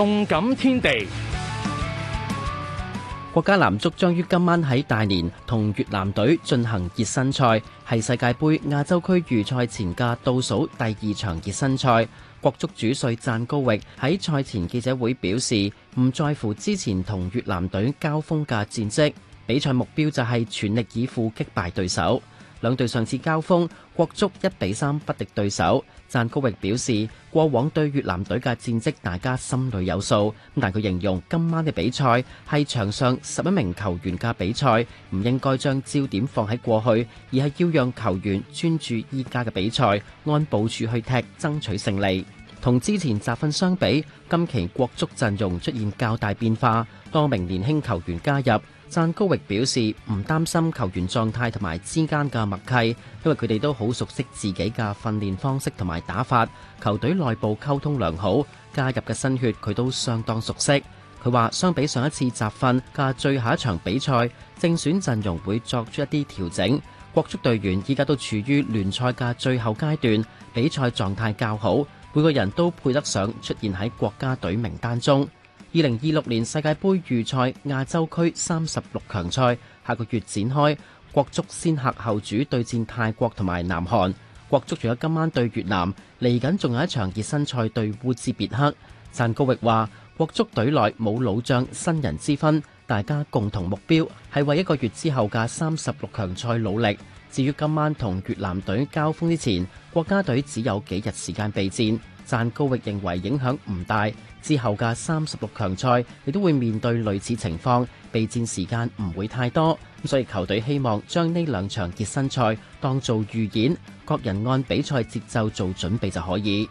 動感天地，國家男足將於今晚喺大連同越南隊進行熱身賽，係世界杯亞洲區預賽前嘅倒數第二場熱身賽。國足主帥讚高域喺賽前記者會表示，唔在乎之前同越南隊交鋒嘅戰績，比賽目標就係全力以赴擊敗對手。兩隊上次交鋒，國足一比三不敵對手。讚高域表示，過往對越南隊嘅戰績大家心裏有數。但佢形容今晚嘅比賽係場上十一名球員嘅比賽，唔應該將焦點放喺過去，而係要讓球員專注依家嘅比賽，按部署去踢，爭取勝利。同之前集訓相比，今期國足陣容出現較大變化，多名年輕球員加入。讚高域表示唔擔心球員狀態同埋之間嘅默契，因為佢哋都好熟悉自己嘅訓練方式同埋打法，球隊內部溝通良好。加入嘅新血佢都相當熟悉。佢話相比上一次集訓嘅最後一場比賽，正選陣容會作出一啲調整。國足隊員依家都處於聯賽嘅最後階段，比賽狀態較好。每個人都配得上出現喺國家隊名單中。二零二六年世界盃預賽亞洲區三十六強賽下個月展開，國足先客後主對戰泰國同埋南韓。國足仲有今晚對越南，嚟緊仲有一場熱身賽對烏茲別克。讚高域話：國足隊內冇老將新人之分。大家共同目標係為一個月之後嘅三十六強賽努力。至於今晚同越南隊交鋒之前，國家隊只有幾日時間備戰。揚高域認為影響唔大。之後嘅三十六強賽亦都會面對類似情況，備戰時間唔會太多。咁所以球隊希望將呢兩場熱身賽當做預演，各人按比賽節奏做準備就可以。